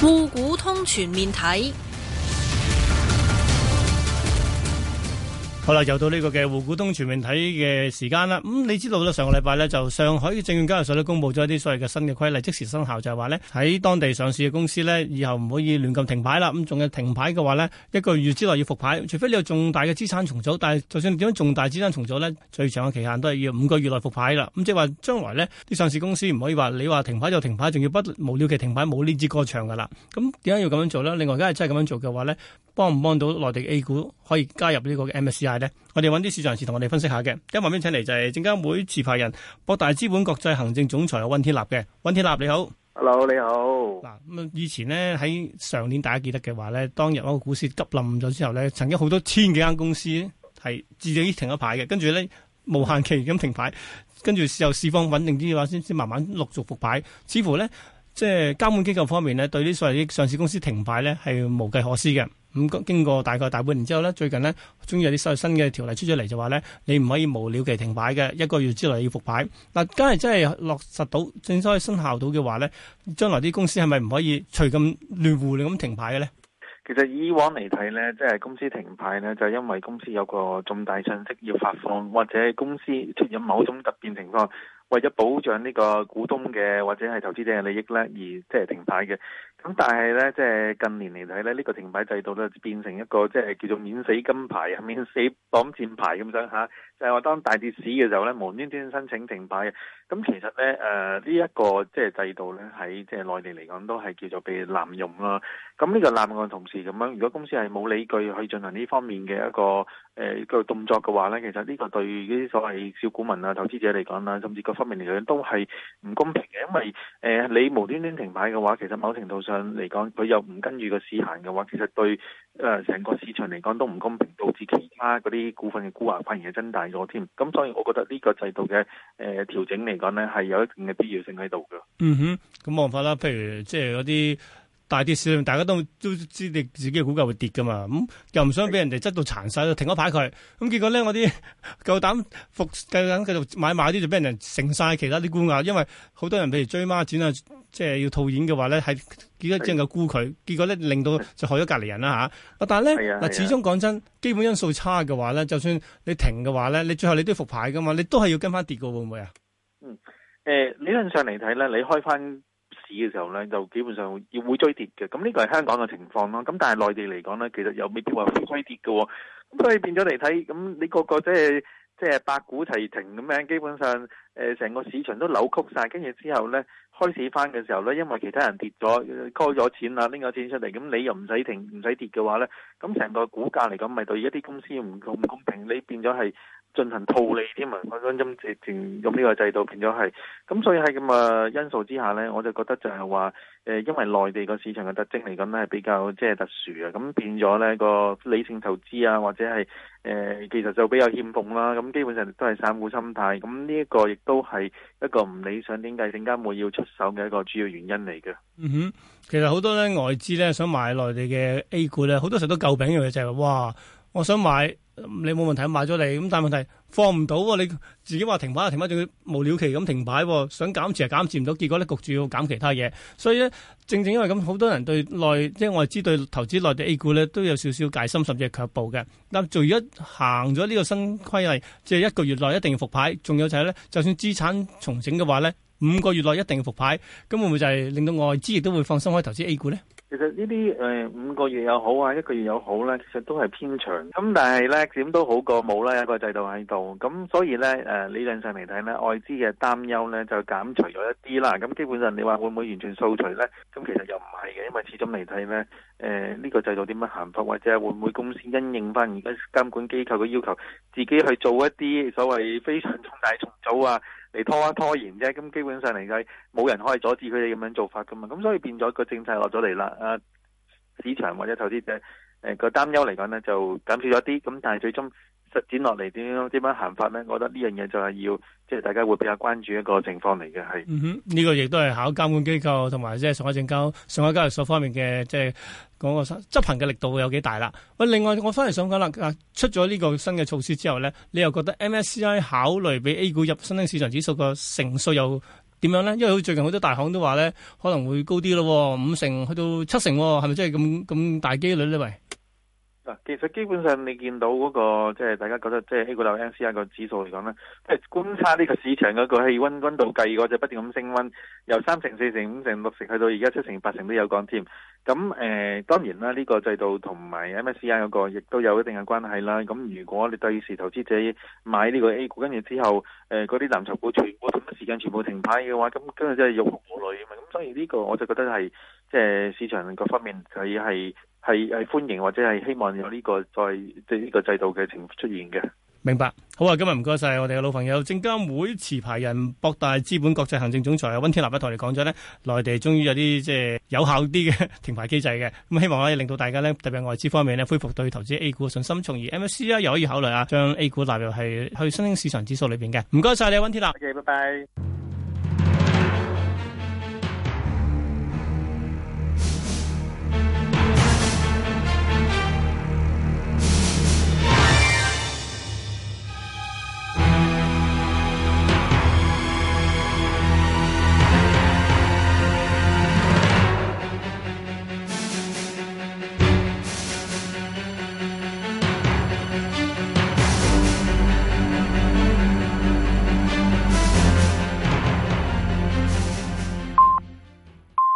滬股通全面睇。好啦，又到呢個嘅滬股通全面睇嘅時間啦。咁、嗯、你知道啦，上個禮拜呢，就上海證券交易所呢公布咗一啲所謂嘅新嘅規例，即時生效就係話呢，喺當地上市嘅公司呢，以後唔可以亂咁停牌啦。咁、嗯、仲有停牌嘅話呢，一個月之內要復牌，除非你有重大嘅資產重組。但係就算點樣重大資產重組呢，最長嘅期限都係要五個月內復牌啦。咁、嗯、即係話將來呢啲上市公司唔可以話你話停牌就停牌，仲要不無了期停牌冇呢支歌唱噶啦。咁點解要咁樣做呢？另外，而家係真係咁樣做嘅話呢。幫唔幫到內地 A 股可以加入呢個 MSCI 呢？我哋搵啲市場人士同我哋分析下嘅。今日旁邊請嚟就係證監會持牌人博大資本國際行政總裁溫天納嘅。溫天納你好，Hello 你好。嗱以前呢，喺上年大家記得嘅話呢，當日嗰個股市急冧咗之後呢，曾經好多千幾間公司係自己停咗牌嘅，跟住呢，無限期咁停牌，跟住候市況穩定啲話先先慢慢陸續復牌。似乎呢，即係監管機構方面呢，對呢所謂啲上市公司停牌呢，係無計可施嘅。咁經過大概大半年之後呢，最近呢，終於有啲新嘅條例出咗嚟，就話呢，你唔可以無了期停牌嘅，一個月之內要復牌。嗱，梗係真係落實到正所謂生效到嘅話呢，將來啲公司係咪唔可以隨咁亂胡亂咁停牌嘅呢？其實以往嚟睇呢，即係公司停牌呢，就因為公司有個重大訊息要發放，或者公司出現某種突變情況，為咗保障呢個股東嘅或者係投資者嘅利益呢，而即係停牌嘅。咁但係咧，即係近年嚟睇咧，呢、這個停牌制度咧變成一個即係叫做免死金牌，死牌啊、免死擋箭牌咁樣吓，就係、話、當大跌市嘅時候咧，無端端申請停牌。咁其實咧，誒呢一個即係制度咧，喺即係內地嚟講都係叫做被濫用啦，咁呢個濫用嘅同時咁樣，如果公司係冇理據去進行呢方面嘅一個誒個動作嘅話咧，其實呢個對於啲所謂小股民啊、投資者嚟講啦，甚至各方面嚟講都係唔公平嘅，因為誒、呃、你無端端停牌嘅話，其實某程度上，嚟講，佢又唔跟住個市行嘅話，其實對誒成個市場嚟講都唔公平，導致其他嗰啲股份嘅沽壓反而係增大咗添。咁所以，我覺得呢個制度嘅誒調整嚟講咧，係有一定嘅必要性喺度嘅。嗯哼，咁冇辦法啦，譬如即係嗰啲。大跌市，大家都都知你自己嘅股價會跌噶嘛，咁又唔想俾人哋執到殘晒，停咗牌佢，咁結果咧我啲夠膽復，夠膽繼續買賣啲，就俾人成晒其他啲股價，因為好多人譬如追孖展啊，即、就、係、是、要套現嘅話咧，係幾多隻夠沽佢，結果咧令到就害咗隔離人啦、啊、但係咧嗱，始終講真，基本因素差嘅話咧，就算你停嘅話咧，你最後你都要復牌噶嘛，你都係要跟翻跌噶，會唔會啊？嗯，理、呃、論上嚟睇咧，你開翻。嘅時候咧，就基本上要會追跌嘅，咁呢個係香港嘅情況咯。咁但係內地嚟講咧，其實又未必話會追跌嘅喎、哦。咁所以變咗嚟睇，咁、嗯、你個個即係即係百股齊停咁樣，基本上誒成、呃、個市場都扭曲晒。跟住之後咧，開始翻嘅時候咧，因為其他人跌咗，開、呃、咗錢啦，拎咗錢出嚟，咁、嗯、你又唔使停，唔使跌嘅話咧，咁、嗯、成個股價嚟講，咪對一啲公司唔唔公平。你變咗係。進行套利添啊！咁咁直情用呢個制度變咗係，咁所以喺咁嘅因素之下咧，我就覺得就係話誒，因為內地個市場嘅特徵嚟講咧，係比較即係特殊啊！咁變咗咧個理性投資啊，或者係誒、呃，其實就比較欠奉啦。咁基本上都係散戶心態，咁呢一個亦都係一個唔理想，點解點解會要出手嘅一個主要原因嚟嘅。嗯哼，其實好多咧外資咧想買內地嘅 A 股咧，好多時候都夠餅嘅就係話哇，我想買。你冇問題買咗你，咁但係問題放唔到，你自己話停牌停牌，仲要無了期咁停牌，想減持又減持唔到，結果咧焗住要減其他嘢，所以咧正正因為咁，好多人對內即係外資對投資內地 A 股咧都有少少戒心甚至係卻步嘅。但除咗行咗呢個新規例，即係一個月內一定要復牌，仲有就係咧，就算資產重整嘅話咧，五個月內一定要復牌，咁會唔會就係令到外資亦都會放心可以投資 A 股咧？其實呢啲誒五個月又好啊，一個月又好呢，其實都係偏長。咁但係呢點都好過冇啦，一個制度喺度。咁所以呢誒、呃、理論上嚟睇呢，外資嘅擔憂呢，就減除咗一啲啦。咁基本上你話會唔會完全掃除呢？咁其實又唔係嘅，因為始終嚟睇呢，誒、呃、呢、這個制度點樣行法，或者會唔會公司因應翻而家監管機構嘅要求，自己去做一啲所謂非常重大重組啊，嚟拖一拖延啫，咁基本上嚟計冇人可以阻止佢哋咁樣做法㗎嘛，咁所以變咗個政策落咗嚟啦，啊市場或者投資者誒個擔憂嚟講咧，就減少咗啲，咁但係最終，實落嚟點樣點樣行法呢？我覺得呢樣嘢就係要即係大家會比較關注一個情況嚟嘅，係。嗯哼，呢個亦都係考監管機構同埋即係上海證交、上海交易所方面嘅即係嗰個執行嘅力度會有幾大啦。喂，另外我翻嚟想講啦，出咗呢個新嘅措施之後呢，你又覺得 MSCI 考慮俾 A 股入新興市場指數個成數又點樣呢？因為最近好多大行都話呢，可能會高啲咯，五成去到七成，係咪真係咁咁大機率呢？喂？其實基本上你見到嗰個即係大家覺得即係 A 股樓 MSCI 個指數嚟講呢，即係觀察呢個市場嗰個氣溫溫度計，嗰隻不斷咁升溫，由三成、四成、五成、六成去到而家七成、八成都有降添。咁誒、呃、當然啦，呢、呢個制度同埋 MSCI 嗰個亦都有一定嘅關係啦。咁如果你第二時投資者買呢個 A 股，跟住之後誒嗰啲藍籌股全部同一時間全部停牌嘅話，咁跟住真係欲哭無淚啊嘛。咁所以呢個我就覺得係即係市場各方面佢係。係係歡迎或者係希望有呢個再即呢、呢個制度嘅情況出現嘅。明白好啊！今日唔該晒我哋嘅老朋友證監會持牌人博大資本國際行政總裁温天納一台嚟講咗呢，內地終於有啲即係有效啲嘅停牌機制嘅。咁希望可以令到大家呢，特別係外資方面呢，恢復對投資 A 股嘅信心，從而 M S C 呢，又可以考慮啊，將 A 股納入係去新興市場指數裏邊嘅。唔該晒你，温天納，拜、okay，拜。